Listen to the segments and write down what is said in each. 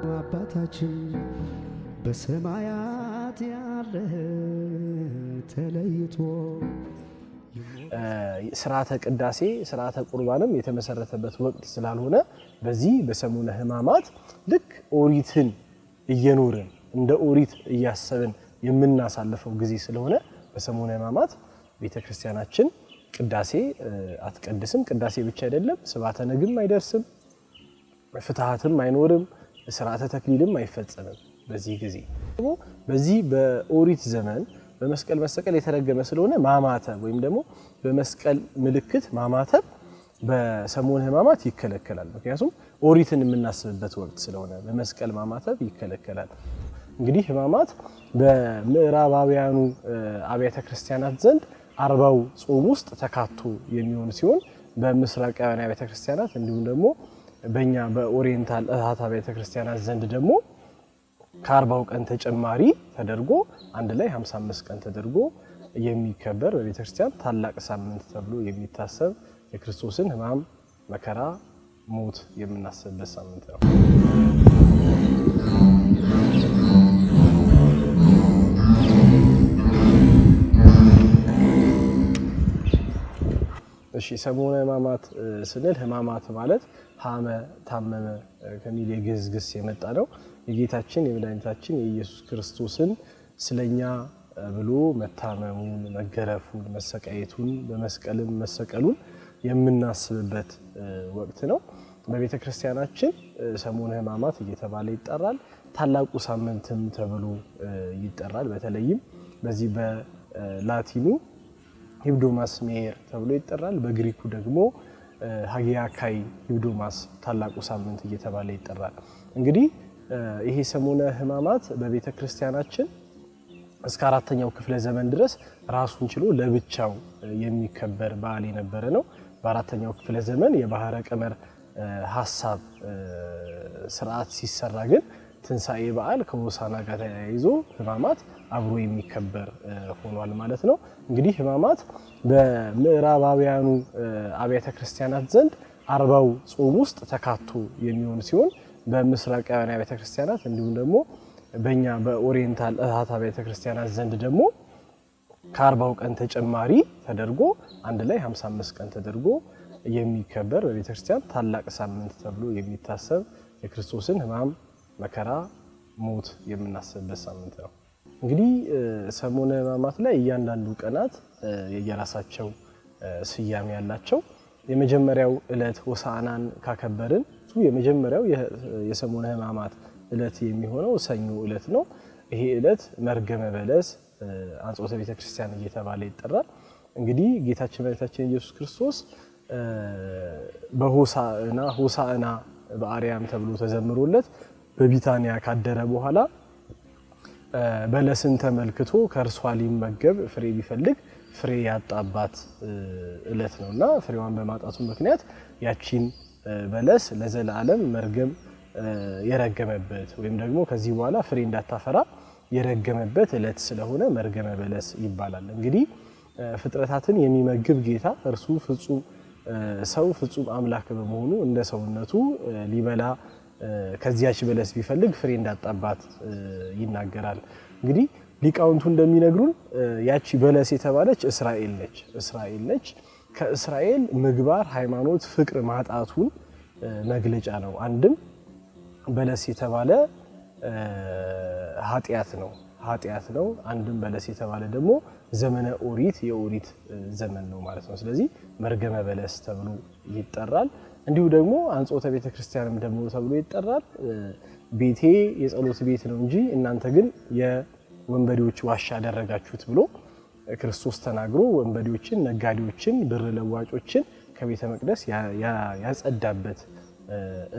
አባታችን በሰማያት ያለ ተለይቶ ስርዓተ ቅዳሴ ስርዓተ ቁርባንም የተመሰረተበት ወቅት ስላልሆነ በዚህ በሰሙነ ሕማማት ልክ ኦሪትን እየኖርን እንደ ኦሪት እያሰብን የምናሳልፈው ጊዜ ስለሆነ በሰሙነ ሕማማት ቤተ ክርስቲያናችን ቅዳሴ አትቀድስም። ቅዳሴ ብቻ አይደለም፣ ስብሐተ ነግም አይደርስም፣ ፍትሐትም አይኖርም፣ ስርዓተ ተክሊልም አይፈጸምም። በዚህ ጊዜ በዚህ በኦሪት ዘመን በመስቀል መሰቀል የተረገመ ስለሆነ ማማተብ ወይም ደግሞ በመስቀል ምልክት ማማተብ በሰሙነ ሕማማት ይከለከላል። ምክንያቱም ኦሪትን የምናስብበት ወቅት ስለሆነ በመስቀል ማማተብ ይከለከላል። እንግዲህ ሕማማት በምዕራባውያኑ አብያተ ክርስቲያናት ዘንድ አርባው ጾም ውስጥ ተካቶ የሚሆን ሲሆን በምስራቃውያን አብያተ ክርስቲያናት እንዲሁም ደግሞ በእኛ በኦሪየንታል እህታ ቤተክርስቲያናት ዘንድ ደግሞ ከአርባው ቀን ተጨማሪ ተደርጎ አንድ ላይ 55 ቀን ተደርጎ የሚከበር በቤተክርስቲያን ታላቅ ሳምንት ተብሎ የሚታሰብ የክርስቶስን ህማም መከራ ሞት የምናስብበት ሳምንት ነው። ሰሙነ ሕማማት ስንል ሕማማት ማለት ሀመ ታመመ ከሚል የግዕዝ ግስ የመጣ ነው። የጌታችን የመድኃኒታችን የኢየሱስ ክርስቶስን ስለኛ ብሎ መታመሙን፣ መገረፉን፣ መሰቃየቱን በመስቀልም መሰቀሉን የምናስብበት ወቅት ነው። በቤተ ክርስቲያናችን ሰሙነ ሕማማት እየተባለ ይጠራል። ታላቁ ሳምንትም ተብሎ ይጠራል። በተለይም በዚህ በላቲኑ ሂብዶማስ ሜየር ተብሎ ይጠራል። በግሪኩ ደግሞ ሀጊያካይ ሂብዶማስ ታላቁ ሳምንት እየተባለ ይጠራል። እንግዲህ ይሄ ሰሙነ ሕማማት በቤተ ክርስቲያናችን እስከ አራተኛው ክፍለ ዘመን ድረስ ራሱን ችሎ ለብቻው የሚከበር በዓል የነበረ ነው። በአራተኛው ክፍለ ዘመን የባህረ ቀመር ሀሳብ ስርዓት ሲሰራ ግን ትንሣኤ በዓል ከሆሳዕና ጋር ተያይዞ ሕማማት አብሮ የሚከበር ሆኗል ማለት ነው። እንግዲህ ሕማማት በምዕራባውያኑ አብያተ ክርስቲያናት ዘንድ አርባው ጾም ውስጥ ተካቶ የሚሆን ሲሆን በምስራቃውያን አብያተ ክርስቲያናት እንዲሁም ደግሞ በእኛ በኦሪየንታል እህት አብያተ ክርስቲያናት ዘንድ ደግሞ ከአርባው ቀን ተጨማሪ ተደርጎ አንድ ላይ 55 ቀን ተደርጎ የሚከበር በቤተ ክርስቲያን ታላቅ ሳምንት ተብሎ የሚታሰብ የክርስቶስን ሕማም መከራ ሞት የምናስብበት ሳምንት ነው። እንግዲህ ሰሞነ ሕማማት ላይ እያንዳንዱ ቀናት የየራሳቸው ስያሜ ያላቸው የመጀመሪያው ዕለት ሆሳዕናን ካከበርን እሱ የመጀመሪያው የሰሞነ ሕማማት ዕለት የሚሆነው ሰኞ ዕለት ነው። ይሄ ዕለት መርገመ በለስ አንጾተ ቤተ ክርስቲያን እየተባለ ይጠራል። እንግዲህ ጌታችን መድኃኒታችን ኢየሱስ ክርስቶስ በሆሳዕና ሆሳዕና በአርያም ተብሎ ተዘምሮለት በቢታንያ ካደረ በኋላ በለስን ተመልክቶ ከእርሷ ሊመገብ ፍሬ ቢፈልግ ፍሬ ያጣባት እለት ነው እና ፍሬዋን በማጣቱ ምክንያት ያቺን በለስ ለዘላለም መርገም የረገመበት ወይም ደግሞ ከዚህ በኋላ ፍሬ እንዳታፈራ የረገመበት እለት ስለሆነ መርገመ በለስ ይባላል። እንግዲህ ፍጥረታትን የሚመግብ ጌታ እርሱ ፍጹም ሰው ፍጹም አምላክ በመሆኑ እንደ ሰውነቱ ሊበላ ከዚያች በለስ ቢፈልግ ፍሬ እንዳጣባት ይናገራል። እንግዲህ ሊቃውንቱ እንደሚነግሩን ያቺ በለስ የተባለች እስራኤል ነች። እስራኤል ነች። ከእስራኤል ምግባር፣ ሃይማኖት፣ ፍቅር ማጣቱን መግለጫ ነው። አንድም በለስ የተባለ ኃጢአት ነው ኃጢአት ነው። አንድም በለስ የተባለ ደግሞ ዘመነ ኦሪት የኦሪት ዘመን ነው ማለት ነው። ስለዚህ መርገመ በለስ ተብሎ ይጠራል። እንዲሁ ደግሞ አንጾተ ቤተ ክርስቲያንም ደግሞ ተብሎ ይጠራል። ቤቴ የጸሎት ቤት ነው እንጂ እናንተ ግን የወንበዴዎች ዋሻ ያደረጋችሁት ብሎ ክርስቶስ ተናግሮ ወንበዴዎችን፣ ነጋዴዎችን፣ ብር ለዋጮችን ከቤተ መቅደስ ያጸዳበት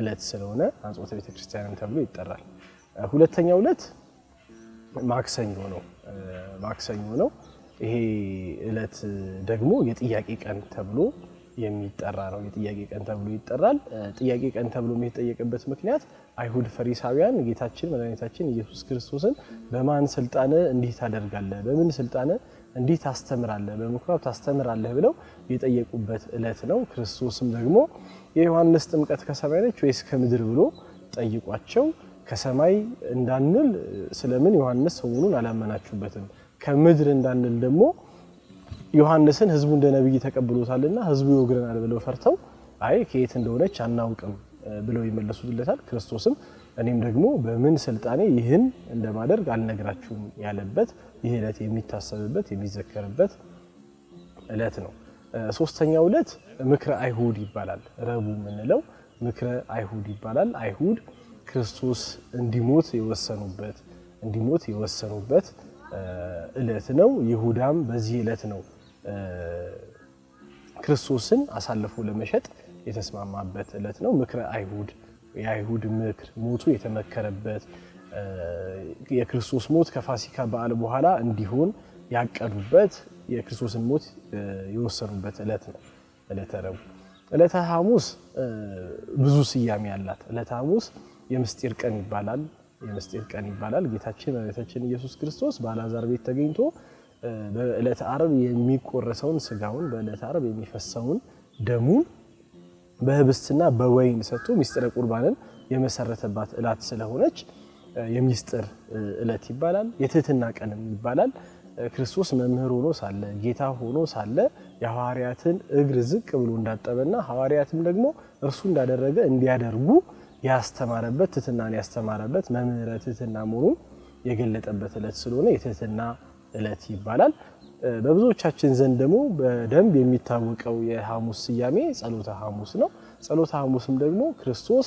እለት ስለሆነ አንጾተ ቤተ ክርስቲያንም ተብሎ ይጠራል። ሁለተኛው ዕለት ማክሰኞ ነው። ማክሰኞ ነው። ይሄ እለት ደግሞ የጥያቄ ቀን ተብሎ የሚጠራ ነው። የጥያቄ ቀን ተብሎ ይጠራል። ጥያቄ ቀን ተብሎ የሚጠየቅበት ምክንያት አይሁድ ፈሪሳውያን ጌታችን መድኃኒታችን ኢየሱስ ክርስቶስን በማን ስልጣነ እንዲህ ታደርጋለህ? በምን ስልጣነ እንዲህ ታስተምራለህ? በምኩራብ ታስተምራለህ? ብለው የጠየቁበት እለት ነው። ክርስቶስም ደግሞ የዮሐንስ ጥምቀት ከሰማይ ነች ወይስ ከምድር ብሎ ጠይቋቸው ከሰማይ እንዳንል ስለምን ዮሐንስ ሰሞኑን አላመናችሁበትም ከምድር እንዳንል ደግሞ ዮሐንስን ህዝቡ እንደ ነብይ ተቀብሎታልና ህዝቡ ይወግረናል ብለው ፈርተው አይ ከየት እንደሆነች አናውቅም ብለው ይመለሱለታል። ክርስቶስም እኔም ደግሞ በምን ስልጣኔ ይህን እንደማደርግ አልነግራችሁም ያለበት ይህ ዕለት የሚታሰብበት የሚዘከርበት ዕለት ነው። ሶስተኛው ዕለት ምክረ አይሁድ ይባላል። ረቡዕ የምንለው ምክረ አይሁድ ይባላል። አይሁድ ክርስቶስ እንዲሞት የወሰኑበት እንዲሞት የወሰኑበት ዕለት ነው። ይሁዳም በዚህ ዕለት ነው ክርስቶስን አሳልፎ ለመሸጥ የተስማማበት ዕለት ነው። ምክረ አይሁድ የአይሁድ ምክር ሞቱ የተመከረበት የክርስቶስ ሞት ከፋሲካ በዓል በኋላ እንዲሆን ያቀዱበት የክርስቶስን ሞት የወሰኑበት ዕለት ነው። ዕለተ ረቡዕ። ዕለተ ሐሙስ ብዙ ስያሜ ያላት ዕለተ ሐሙስ የምስጢር ቀን ይባላል። የምስጢር ቀን ይባላል። ጌታችን መድኃኒታችን ኢየሱስ ክርስቶስ በአልዓዛር ቤት ተገኝቶ በእለት አረብ የሚቆረሰውን ስጋውን በዕለት አረብ የሚፈሰውን ደሙን በህብስትና በወይን ሰጥቶ ሚስጥረ ቁርባንን የመሰረተባት እላት ስለሆነች የሚስጥር እለት ይባላል። የትህትና ቀንም ይባላል። ክርስቶስ መምህር ሆኖ ሳለ ጌታ ሆኖ ሳለ የሐዋርያትን እግር ዝቅ ብሎ እንዳጠበና ሐዋርያትም ደግሞ እርሱ እንዳደረገ እንዲያደርጉ ያስተማረበት ትህትናን ያስተማረበት መምህረ ትህትና መሆኑን የገለጠበት እለት ስለሆነ የትህትና እለት ይባላል። በብዙዎቻችን ዘንድ ደግሞ በደንብ የሚታወቀው የሐሙስ ስያሜ ጸሎተ ሐሙስ ነው። ጸሎተ ሐሙስም ደግሞ ክርስቶስ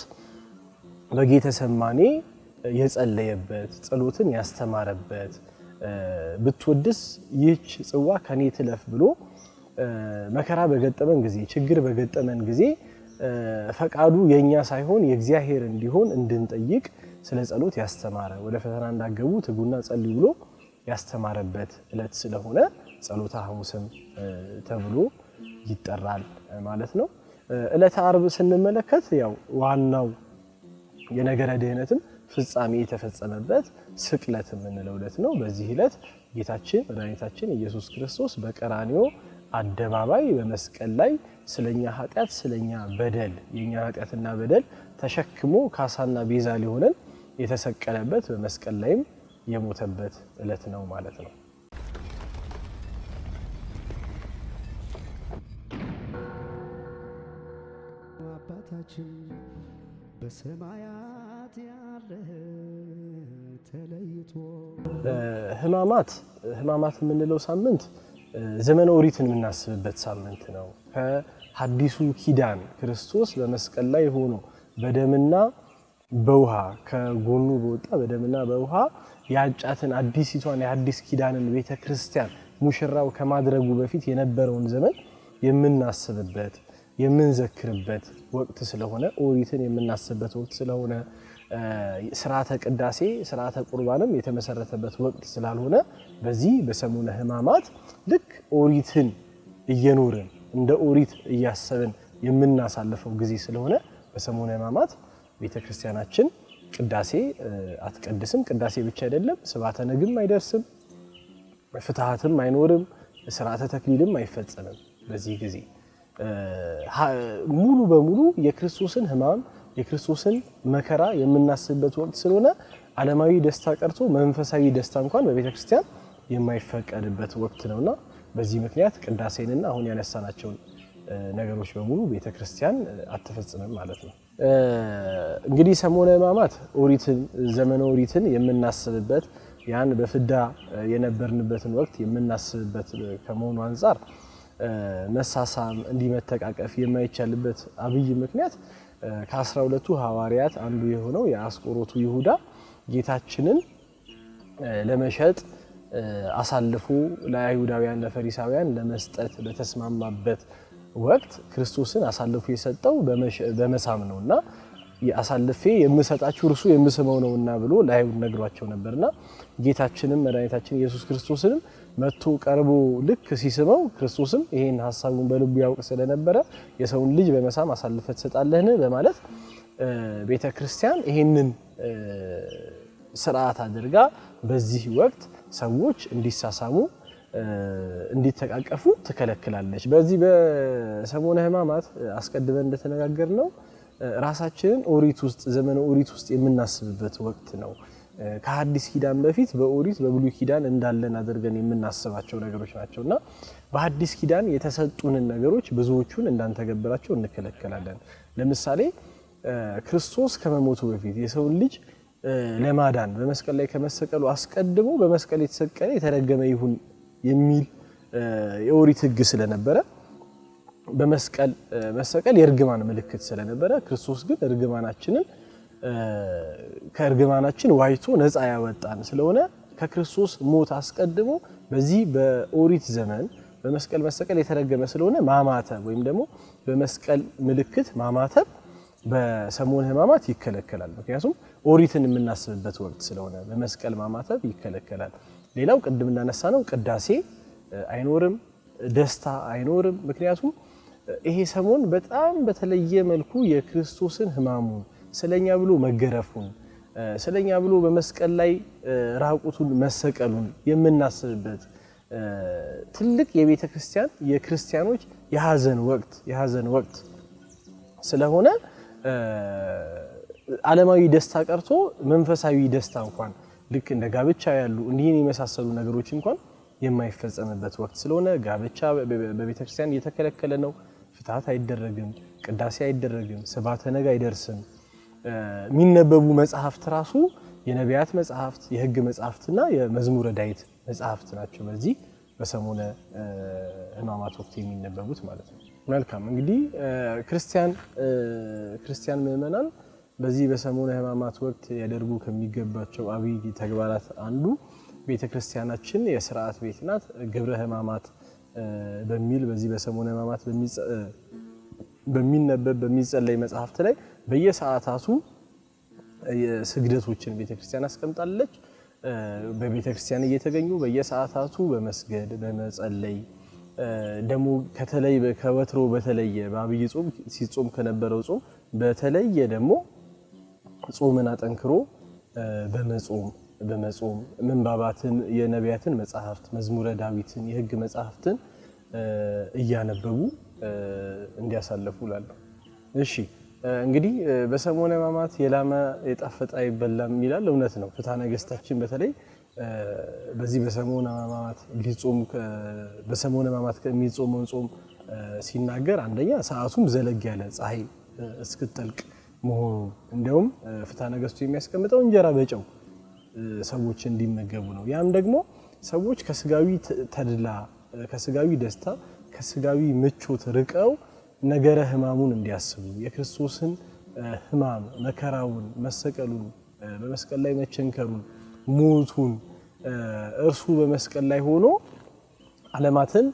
በጌተሰማኔ የጸለየበት ጸሎትን ያስተማረበት ብትወድስ ይህች ጽዋ ከኔ ትለፍ ብሎ መከራ በገጠመን ጊዜ ችግር በገጠመን ጊዜ ፈቃዱ የእኛ ሳይሆን የእግዚአብሔር እንዲሆን እንድንጠይቅ ስለ ጸሎት ያስተማረ ወደ ፈተና እንዳገቡ ትጉና ጸልዩ ብሎ ያስተማረበት ዕለት ስለሆነ ጸሎተ ሐሙስም ተብሎ ይጠራል ማለት ነው። ዕለተ አርብ ስንመለከት ያው ዋናው የነገረ ድህነትም ፍጻሜ የተፈጸመበት ስቅለት የምንለው ዕለት ነው። በዚህ ዕለት ጌታችን መድኃኒታችን ኢየሱስ ክርስቶስ በቀራኒዮ አደባባይ በመስቀል ላይ ስለኛ ኃጢአት ስለኛ በደል የኛ ኃጢአትና በደል ተሸክሞ ካሳና ቤዛ ሊሆነን የተሰቀለበት በመስቀል ላይም የሞተበት እለት ነው ማለት ነው። አባታችን በሰማያት ያለ ተለይቶ ህማማት ህማማት የምንለው ሳምንት ዘመነ ኦሪትን የምናስብበት ሳምንት ነው። ከሐዲሱ ኪዳን ክርስቶስ በመስቀል ላይ ሆኖ በደምና በውሃ ከጎኑ በወጣ በደምና በውሃ ያጫትን አዲሲቷን የአዲስ ኪዳንን ቤተ ክርስቲያን ሙሽራው ከማድረጉ በፊት የነበረውን ዘመን የምናስብበት የምንዘክርበት ወቅት ስለሆነ ኦሪትን የምናስብበት ወቅት ስለሆነ ስርዓተ ቅዳሴ ስርዓተ ቁርባንም የተመሰረተበት ወቅት ስላልሆነ በዚህ በሰሙነ ሕማማት ልክ ኦሪትን እየኖርን እንደ ኦሪት እያሰብን የምናሳልፈው ጊዜ ስለሆነ በሰሙነ ሕማማት ቤተ ክርስቲያናችን ቅዳሴ አትቀድስም። ቅዳሴ ብቻ አይደለም፣ ስባተ ነግም አይደርስም፣ ፍትሐትም አይኖርም፣ ስርዓተ ተክሊልም አይፈጸምም። በዚህ ጊዜ ሙሉ በሙሉ የክርስቶስን ሕማም የክርስቶስን መከራ የምናስብበት ወቅት ስለሆነ ዓለማዊ ደስታ ቀርቶ መንፈሳዊ ደስታ እንኳን በቤተ ክርስቲያን የማይፈቀድበት ወቅት ነውና በዚህ ምክንያት ቅዳሴንና አሁን ያነሳናቸውን ነገሮች በሙሉ ቤተ ክርስቲያን አትፈጽምም ማለት ነው። እንግዲህ ሰሞነ ሕማማት ኦሪትን ዘመነ ኦሪትን የምናስብበት ያን በፍዳ የነበርንበትን ወቅት የምናስብበት ከመሆኑ አንጻር መሳሳም እንዲመተቃቀፍ የማይቻልበት አብይ ምክንያት ከአስራ ሁለቱ ሐዋርያት አንዱ የሆነው የአስቆሮቱ ይሁዳ ጌታችንን ለመሸጥ አሳልፎ ለአይሁዳውያን ለፈሪሳውያን ለመስጠት በተስማማበት ወቅት ክርስቶስን አሳልፎ የሰጠው በመሳም ነው እና አሳልፌ የምሰጣችሁ እርሱ የምስመው ነውና ብሎ ለአይሁድ ነግሯቸው ነበርና ጌታችንም መድኃኒታችን ኢየሱስ ክርስቶስንም መጥቶ ቀርቦ ልክ ሲስመው ክርስቶስም ይሄን ሀሳቡን በልቡ ያውቅ ስለነበረ የሰውን ልጅ በመሳም አሳልፈ ትሰጣለህን በማለት ቤተ ክርስቲያን ይሄንን ስርዓት አድርጋ በዚህ ወቅት ሰዎች እንዲሳሳሙ እንዲተቃቀፉ ትከለክላለች። በዚህ በሰሞነ ሕማማት አስቀድመን እንደተነጋገር ነው ራሳችንን ኦሪት ውስጥ ዘመነ ኦሪት ውስጥ የምናስብበት ወቅት ነው። ከሐዲስ ኪዳን በፊት በኦሪት በብሉይ ኪዳን እንዳለን አድርገን የምናስባቸው ነገሮች ናቸው እና በሐዲስ ኪዳን የተሰጡንን ነገሮች ብዙዎቹን እንዳንተገብራቸው እንከለከላለን። ለምሳሌ ክርስቶስ ከመሞቱ በፊት የሰውን ልጅ ለማዳን በመስቀል ላይ ከመሰቀሉ አስቀድሞ በመስቀል የተሰቀለ የተረገመ ይሁን የሚል የኦሪት ህግ ስለነበረ በመስቀል መሰቀል የእርግማን ምልክት ስለነበረ ክርስቶስ ግን እርግማናችንን ከእርግማናችን ዋይቶ ነፃ ያወጣን ስለሆነ ከክርስቶስ ሞት አስቀድሞ በዚህ በኦሪት ዘመን በመስቀል መሰቀል የተረገመ ስለሆነ ማማተብ ወይም ደግሞ በመስቀል ምልክት ማማተብ በሰሞን ህማማት ይከለከላል። ምክንያቱም ኦሪትን የምናስብበት ወቅት ስለሆነ በመስቀል ማማተብ ይከለከላል። ሌላው ቅድም እናነሳ ነው ቅዳሴ አይኖርም፣ ደስታ አይኖርም። ምክንያቱም ይሄ ሰሞን በጣም በተለየ መልኩ የክርስቶስን ሕማሙን ስለኛ ብሎ መገረፉን ስለኛ ብሎ በመስቀል ላይ ራቁቱን መሰቀሉን የምናስብበት ትልቅ የቤተ ክርስቲያን የክርስቲያኖች የሀዘን ወቅት የሀዘን ወቅት ስለሆነ ዓለማዊ ደስታ ቀርቶ መንፈሳዊ ደስታ እንኳን ልክ እንደ ጋብቻ ያሉ እንዲህን የመሳሰሉ ነገሮች እንኳን የማይፈጸምበት ወቅት ስለሆነ ጋብቻ በቤተክርስቲያን እየተከለከለ ነው። ፍትሐት አይደረግም፣ ቅዳሴ አይደረግም፣ ስብሐተ ነግ አይደርስም። የሚነበቡ መጽሐፍት ራሱ የነቢያት መጽሐፍት፣ የህግ መጽሐፍትና የመዝሙረ ዳዊት መጽሐፍት ናቸው። በዚህ በሰሙነ ህማማት ወቅት የሚነበቡት ማለት ነው። መልካም እንግዲህ ክርስቲያን ክርስቲያን በዚህ በሰሙነ ሕማማት ወቅት ያደርጉ ከሚገባቸው አብይ ተግባራት አንዱ ቤተ ክርስቲያናችን የስርዓት ቤት ናት። ግብረ ሕማማት በሚል በዚህ በሰሙነ ሕማማት በሚነበብ በሚጸለይ መጽሐፍት ላይ በየሰዓታቱ ስግደቶችን ቤተ ክርስቲያን አስቀምጣለች። በቤተ ክርስቲያን እየተገኙ በየሰዓታቱ በመስገድ በመጸለይ ደግሞ ከተለይ ከወትሮ በተለየ በአብይ ጾም ሲጾም ከነበረው ጾም በተለየ ደግሞ ጾምን አጠንክሮ በመጾም በመጾም ምንባባትን የነቢያትን መጽሐፍት መዝሙረ ዳዊትን የሕግ መጽሐፍትን እያነበቡ እንዲያሳለፉ እላለሁ። እሺ እንግዲህ በሰሞነ ሕማማት የላመ የጣፈጠ አይበላም ይላል፣ እውነት ነው። ፍትሐ ነገሥታችን በተለይ በዚህ በሰሞነ ሕማማት ሊጾም በሰሞነ ሕማማት ከሚጾመውን ጾም ሲናገር አንደኛ ሰዓቱም ዘለግ ያለ ፀሐይ እስክትጠልቅ መሆኑ እንደውም ፍትሐ ነገሥቱ የሚያስቀምጠው እንጀራ በጨው ሰዎች እንዲመገቡ ነው። ያም ደግሞ ሰዎች ከስጋዊ ተድላ፣ ከስጋዊ ደስታ፣ ከስጋዊ ምቾት ርቀው ነገረ ሕማሙን እንዲያስቡ የክርስቶስን ሕማም መከራውን፣ መሰቀሉን፣ በመስቀል ላይ መቸንከሩን፣ ሞቱን እርሱ በመስቀል ላይ ሆኖ ዓለማትን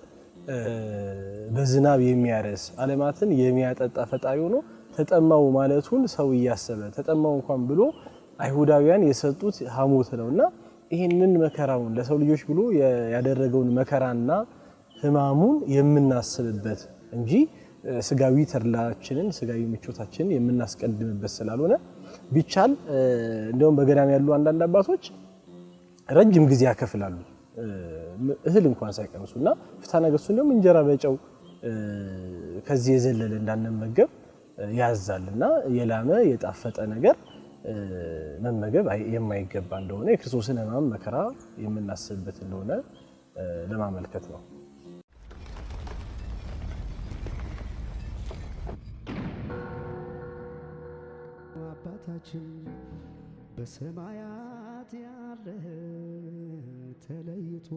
በዝናብ የሚያረስ ዓለማትን የሚያጠጣ ፈጣሪ ሆኖ ተጠማው ማለቱን ሰው እያሰበ ተጠማው እንኳን ብሎ አይሁዳውያን የሰጡት ሐሞት ነውና ይህንን መከራውን ለሰው ልጆች ብሎ ያደረገውን መከራና ህማሙን የምናስብበት እንጂ ስጋዊ ተድላችንን ስጋዊ ምቾታችንን የምናስቀድምበት ስላልሆነ ቢቻል እንደውም በገዳም ያሉ አንዳንድ አባቶች ረጅም ጊዜ ያከፍላሉ እህል እንኳን ሳይቀምሱና ፍትሐ ነገሥቱን ደግሞ እንጀራ በጨው ከዚህ የዘለለ እንዳንመገብ ያዛል እና የላመ የጣፈጠ ነገር መመገብ የማይገባ እንደሆነ የክርስቶስን ሕማም መከራ የምናስብበት እንደሆነ ለማመልከት ነው። አባታችን በሰማያት ያለ ተለይቶ